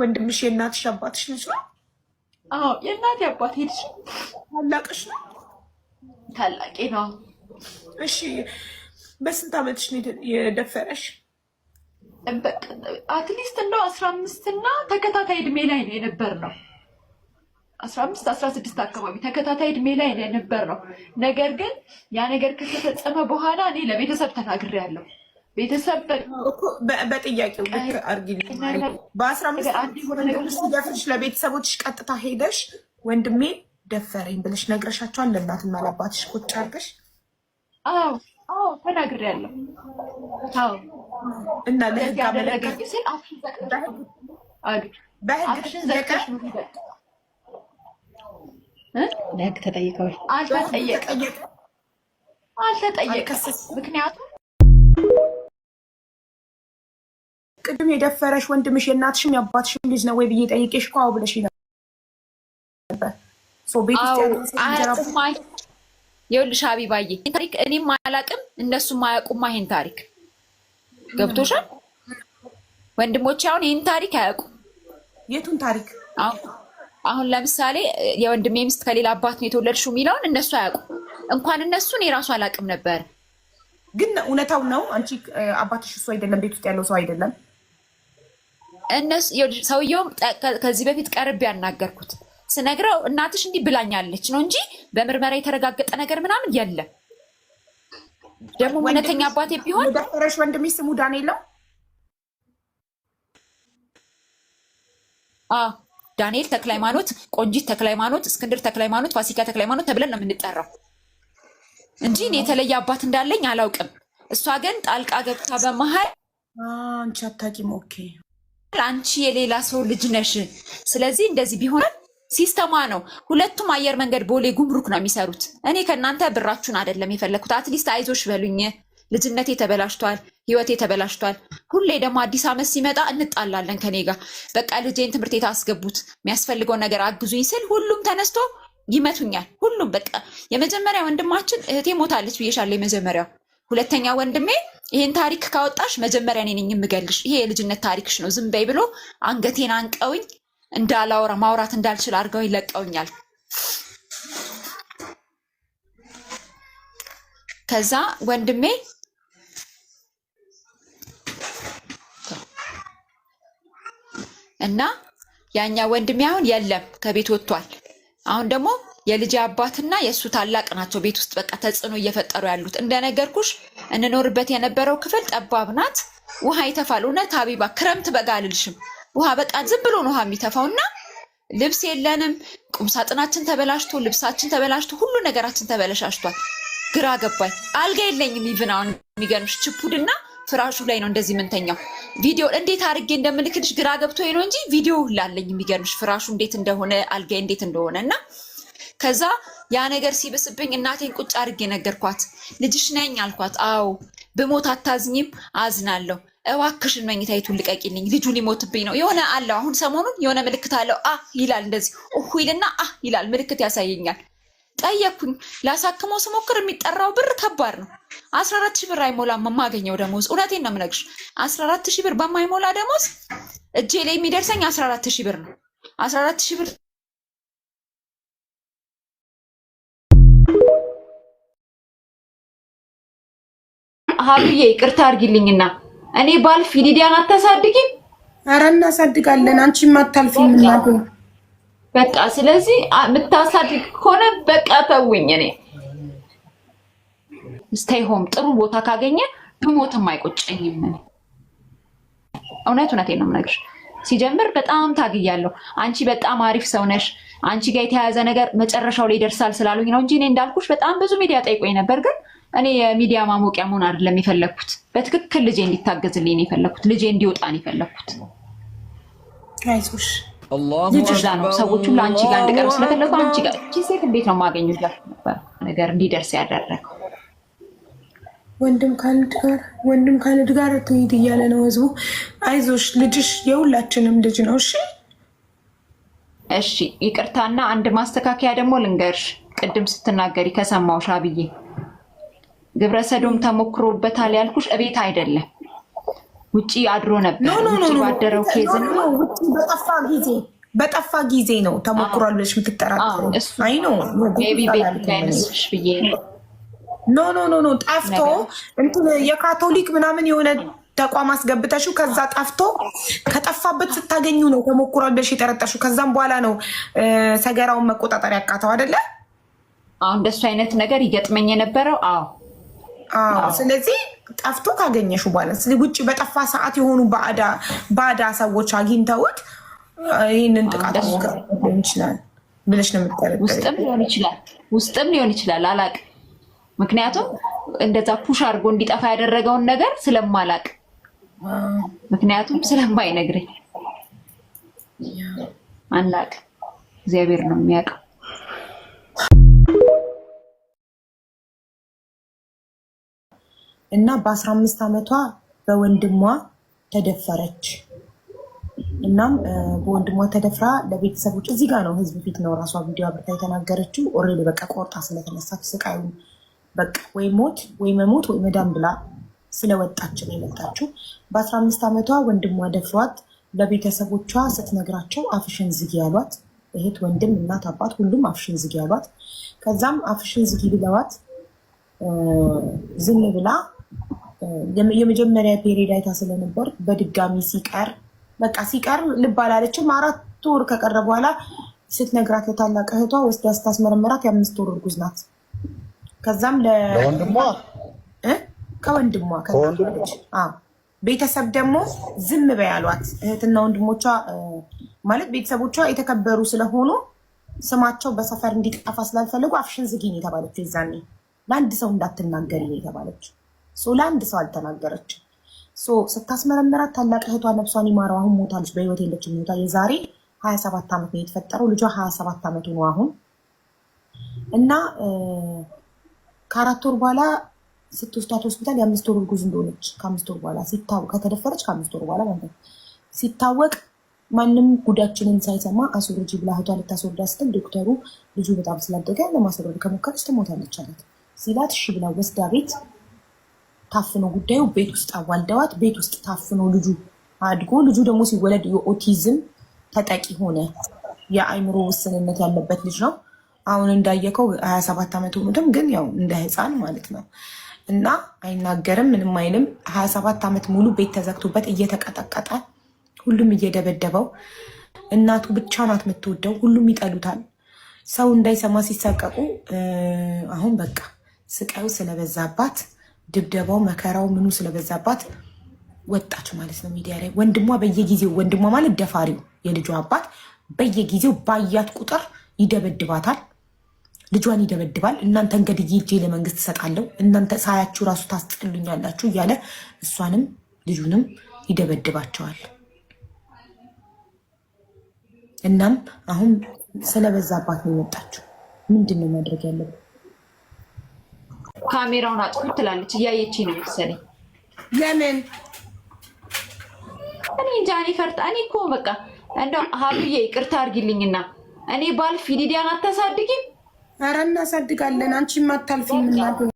ወንድምሽ የእናትሽ አባትሽ ልጅ ነው? አዎ የእናት አባት ሄድሽ። ታላቅሽ ነው? ታላቄ ነው። እሺ በስንት አመትሽ ነው የደፈረሽ? አትሊስት እንደው አስራ አምስት እና ተከታታይ እድሜ ላይ ነው የነበር ነው አስራ አምስት አስራ ስድስት አካባቢ ተከታታይ እድሜ ላይ ነው የነበር ነው። ነገር ግን ያ ነገር ከተፈጸመ በኋላ እኔ ለቤተሰብ ተናግሬያለሁ። ቤተሰብ በጥያቄው ልክ አድርጊልኝ። በአስራ አምስት ደፍርሽ ለቤተሰቦች ቀጥታ ሄደሽ ወንድሜ ደፈረኝ ብለሽ ነግረሻቸዋል? ለእናትና ለአባትሽ ቁጭ አድርገሽ? አዎ አዎ፣ ተናግሬያለሁ። አዎ እና ለህግ አመለከት በህግ ለህግ አልተጠየቀም። አልተጠየቀም። ምክንያቱም ቅድም የደፈረሽ ወንድምሽ የእናትሽም የአባትሽም ልጅ ነው ወይ ብዬ ጠይቄሽ እኮ አዎ ብለሽ ነበር። ይኸውልሽ ሀቢባዬ ታሪክ እኔም አላቅም እነሱም አያውቁማ ይሄን ታሪክ ገብቶሻል። ወንድሞች አሁን ይህን ታሪክ አያውቁም። የቱን ታሪክ አሁን ለምሳሌ የወንድሜ ሚስት ከሌላ አባት ነው የተወለድሽው የሚለውን እነሱ አያውቁም። እንኳን እነሱን የራሱ አላቅም ነበር። ግን እውነታው ነው። አንቺ አባትሽ እሱ አይደለም፣ ቤት ውስጥ ያለው ሰው አይደለም። እነሱ ሰውየውም ከዚህ በፊት ቀርብ ያናገርኩት ስነግረው እናትሽ እንዲህ ብላኛለች ነው እንጂ በምርመራ የተረጋገጠ ነገር ምናምን የለም። ደግሞ እውነተኛ አባቴ ቢሆን ደፈረሽ ወንድሜ ስሙ ዳንኤል ነው። ዳንኤል ተክለ ሃይማኖት፣ ቆንጂት ተክለ ሃይማኖት፣ እስክንድር ተክለ ሃይማኖት፣ ፋሲካ ተክለ ሃይማኖት ተብለን ነው የምንጠራው እንጂ እኔ የተለየ አባት እንዳለኝ አላውቅም። እሷ ግን ጣልቃ ገብታ በመሀል አንቺ አታውቂም። ኦኬ አንቺ የሌላ ሰው ልጅ ነሽ። ስለዚህ እንደዚህ ቢሆን ሲስተማ ነው። ሁለቱም አየር መንገድ ቦሌ ጉምሩክ ነው የሚሰሩት። እኔ ከእናንተ ብራችሁን አይደለም የፈለግኩት። አትሊስት አይዞሽ በሉኝ። ልጅነቴ ተበላሽቷል፣ ህይወቴ ተበላሽቷል። ሁሌ ደግሞ አዲስ አመት ሲመጣ እንጣላለን ከኔ ጋር። በቃ ልጄን ትምህርት ቤት አስገቡት፣ የሚያስፈልገውን ነገር አግዙኝ ስል ሁሉም ተነስቶ ይመቱኛል። ሁሉም በቃ የመጀመሪያ ወንድማችን እህቴ ሞታለች ብዬሻለሁ። የመጀመሪያው ሁለተኛ ወንድሜ ይህን ታሪክ ካወጣሽ መጀመሪያ እኔ ነኝ የምገልሽ፣ ይሄ የልጅነት ታሪክሽ ነው ዝም በይ ብሎ አንገቴን አንቀውኝ እንዳላወራ ማውራት እንዳልችል አድርገው ይለቀውኛል። ከዛ ወንድሜ እና ያኛ ወንድሜ አሁን የለም ከቤት ወጥቷል። አሁን ደግሞ የልጅ አባትና የእሱ ታላቅ ናቸው ቤት ውስጥ በቃ ተጽዕኖ እየፈጠሩ ያሉት እንደነገርኩሽ እንኖርበት የነበረው ክፍል ጠባብ ናት። ውሃ ይተፋል። እውነት ሀቢባ ክረምት በጋ አልልሽም። ውሃ በቃ ዝም ብሎ ነው ውሃ የሚተፋው እና ልብስ የለንም። ቁምሳጥናችን ተበላሽቶ፣ ልብሳችን ተበላሽቶ፣ ሁሉ ነገራችን ተበለሻሽቷል። ግራ ገባኝ። አልጋ የለኝም። ይብናውን የሚገርምሽ ችፑድና ፍራሹ ላይ ነው እንደዚህ ምንተኛው። ቪዲዮ እንዴት አድርጌ እንደምልክልሽ ግራ ገብቶ ነው እንጂ ቪዲዮ ላለኝ የሚገርምሽ ፍራሹ እንዴት እንደሆነ አልጋ እንዴት እንደሆነ እና ከዛ ያ ነገር ሲብስብኝ እናቴን ቁጭ አድርጌ ነገርኳት። ልጅሽ ነኝ አልኳት። አዎ ብሞት አታዝኝም? አዝናለሁ። እባክሽን መኝታይቱን ልቀቂልኝ፣ ልጁ ሊሞትብኝ ነው። የሆነ አለው አሁን ሰሞኑን የሆነ ምልክት አለው። አ ይላል እንደዚህ እሁ ይልና አ ይላል ምልክት ያሳየኛል። ጠየኩኝ። ላሳክመው ስሞክር የሚጠራው ብር ከባድ ነው። አስራ አራት ሺህ ብር አይሞላም የማገኘው ደሞዝ። እውነቴን ነው የምነግርሽ። አስራ አራት ሺህ ብር በማይሞላ ደሞዝ እጄ ላይ የሚደርሰኝ አስራ አራት ሺህ ብር ነው። አስራ አራት ሺህ ብር ሀብዬ ይቅርታ አድርጊልኝና እኔ ባልፍ ሊዲያን አታሳድጊም? አረ እናሳድጋለን። አንቺ ማታልፊ ምናቱ በቃ ስለዚህ የምታሳድግ ከሆነ በቃ ተውኝ። እኔ ስቴይ ሆም ጥሩ ቦታ ካገኘ ብሞትም አይቆጨኝም። እውነት እውነቴን ነው የምነግርሽ። ሲጀምር በጣም ታግያለሁ። አንቺ በጣም አሪፍ ሰው ነሽ። አንቺ ጋር የተያያዘ ነገር መጨረሻው ላይ ይደርሳል ስላሉኝ ነው እንጂ እኔ እንዳልኩሽ በጣም ብዙ ሚዲያ ጠይቆኝ ነበር ግን እኔ የሚዲያ ማሞቂያ መሆን አይደለም የፈለግኩት። በትክክል ልጄ እንዲታገዝልኝ የፈለግኩት። ልጄ እንዲወጣ ነው የፈለግኩት። ልጅዛ ነው ሰዎቹ ለአንቺ ጋር እንድቀርብ ስለፈለጉ አንቺ ጋር እቺ ሴት እንዴት ነው ማገኘት ነበር ነገር እንዲደርስ ያደረገው ወንድም ካልድ ጋር ወንድም ካልድ ጋር ትሄድ እያለ ነው ህዝቡ። አይዞሽ ልጅሽ የሁላችንም ልጅ ነው። እሺ እሺ፣ ይቅርታና አንድ ማስተካከያ ደግሞ ልንገርሽ። ቅድም ስትናገሪ ከሰማሁሽ አብዬ ግብረ ሰዶም ተሞክሮበታል ያልኩሽ እቤት አይደለም፣ ውጭ አድሮ ነበር። ውጭ ባደረው ኬዝ በጠፋ ጊዜ በጠፋ ጊዜ ነው ተሞክሯለች የምትጠራጠረው። ብዬ ኖ ኖ ኖ ኖ ጠፍቶ እንትን የካቶሊክ ምናምን የሆነ ተቋም አስገብተሽው ከዛ ጠፍቶ ከጠፋበት ስታገኙ ነው ተሞክሯለሽ የጠረጠሹ። ከዛም በኋላ ነው ሰገራውን መቆጣጠር ያቃተው አደለ? አሁን እንደሱ አይነት ነገር ይገጥመኝ የነበረው አዎ ስለዚህ ጠፍቶ ካገኘሹ በኋላ ውጭ በጠፋ ሰዓት የሆኑ ባዳ ሰዎች አግኝተውት ይህንን ጥቃት ሊሆን ይችላል ብለሽ ነው የምትጠረጠሪው። ውስጥም ሊሆን ይችላል ውስጥም ሊሆን ይችላል አላቅ ምክንያቱም እንደዛ ፑሽ አድርጎ እንዲጠፋ ያደረገውን ነገር ስለማላቅ ምክንያቱም ስለማይነግረኝ አላቅ እግዚአብሔር ነው የሚያውቀው። እና በ15 ዓመቷ በወንድሟ ተደፈረች። እናም በወንድሟ ተደፍራ ለቤተሰቦች እዚህ ጋር ነው ህዝብ ፊት ነው ራሷ ቪዲዮ አብርታ የተናገረችው። ኦልሬዲ በቃ ቆርጣ ስለተነሳች ስቃዩ በቃ ወይ ሞት ወይ መሞት ወይ መዳን ብላ ስለወጣች ነው የመጣችው። በ በ15 ዓመቷ ወንድሟ ደፍሯት ለቤተሰቦቿ ስትነግራቸው አፍሽን ዝጊ ያሏት እህት፣ ወንድም፣ እናት፣ አባት ሁሉም አፍሽን ዝጊ ያሏት። ከዛም አፍሽን ዝጊ ብለዋት ዝም ብላ የመጀመሪያ ፔሬድ አይታ ስለነበር በድጋሚ ሲቀር በቃ ሲቀር ልብ አላለችም። አራት ወር ከቀረ በኋላ ስትነግራት ለታላቅ እህቷ ወስዳ ስታስመረመራት የአምስት ወር እርጉዝ ናት። ከዛም ለወንድሟ ከወንድሟ ቤተሰብ ደግሞ ዝም በያሏት እህትና ወንድሞቿ ማለት ቤተሰቦቿ የተከበሩ ስለሆኑ ስማቸው በሰፈር እንዲጠፋ ስላልፈለጉ አፍሽን ዝጊ ነው የተባለችው። የዛኔ ለአንድ ሰው እንዳትናገሪ ነው የተባለችው። ለአንድ ሰው አልተናገረችም። ስታስመረምራት ታላቅ እህቷ ነፍሷን ይማረው አሁን ሞታለች፣ በህይወት የለችም። ሞታ የዛሬ ሀያ ዓመት ነው የተፈጠረው። ልጇ ሀያ ዓመቱ ነው አሁን እና ከአራት ወር በኋላ ስትወስዳት ሆስፒታል የአምስት ወር እርጉዝ እንደሆነች ከአምስት ወር በኋላ ሲታወቅ ከተደፈረች ከአምስት ወር በኋላ ማለት ነው ሲታወቅ ማንም ጉዳችንን ሳይሰማ አስወርጂ ብላ እህቷ ልታስወርዳ ስትል ዶክተሩ ልጁ በጣም ስላደገ ለማስወረድ ከሞከረች ትሞታለች አላት። ሲላት እሺ ብላ ወስዳ ቤት ታፍኖ ጉዳዩ ቤት ውስጥ አዋልደዋት ቤት ውስጥ ታፍኖ ልጁ አድጎ ልጁ ደግሞ ሲወለድ የኦቲዝም ተጠቂ ሆነ። የአእምሮ ውስንነት ያለበት ልጅ ነው። አሁን እንዳየከው ሀያ ሰባት ዓመቱ ምድም ግን ያው እንደ ህፃን ማለት ነው እና አይናገርም፣ ምንም አይልም። ሀያ ሰባት ዓመት ሙሉ ቤት ተዘግቶበት እየተቀጠቀጠ ሁሉም እየደበደበው፣ እናቱ ብቻ ናት የምትወደው። ሁሉም ይጠሉታል። ሰው እንዳይሰማ ሲሳቀቁ አሁን በቃ ስቃዩ ስለበዛባት ድብደባው መከራው ምኑ ስለበዛባት ወጣች ማለት ነው ሚዲያ ላይ። ወንድሟ በየጊዜው ወንድሟ ማለት ደፋሪው የልጇ አባት በየጊዜው ባያት ቁጥር ይደበድባታል፣ ልጇን ይደበድባል። እናንተ እንግዲህ እጄ ለመንግስት እሰጣለሁ፣ እናንተ ሳያችሁ ራሱ ታስጠሉኛላችሁ እያለ እሷንም ልጁንም ይደበድባቸዋል። እናም አሁን ስለበዛባት ነው የወጣችው። ምንድን ነው ማድረግ ያለብን? ካሜራውን አጥፉት ትላለች። እያየች ነው መሰለኝ። ለምን እኔ እንጃ። እኔ ፈርጣ እኔ እኮ በቃ እንደው ሀብዬ ይቅርታ አድርጊልኝና እኔ ባልፍ ሊዲያን አታሳድጊም? ኧረ እናሳድጋለን። አንቺ ማታልፊ ምናቱ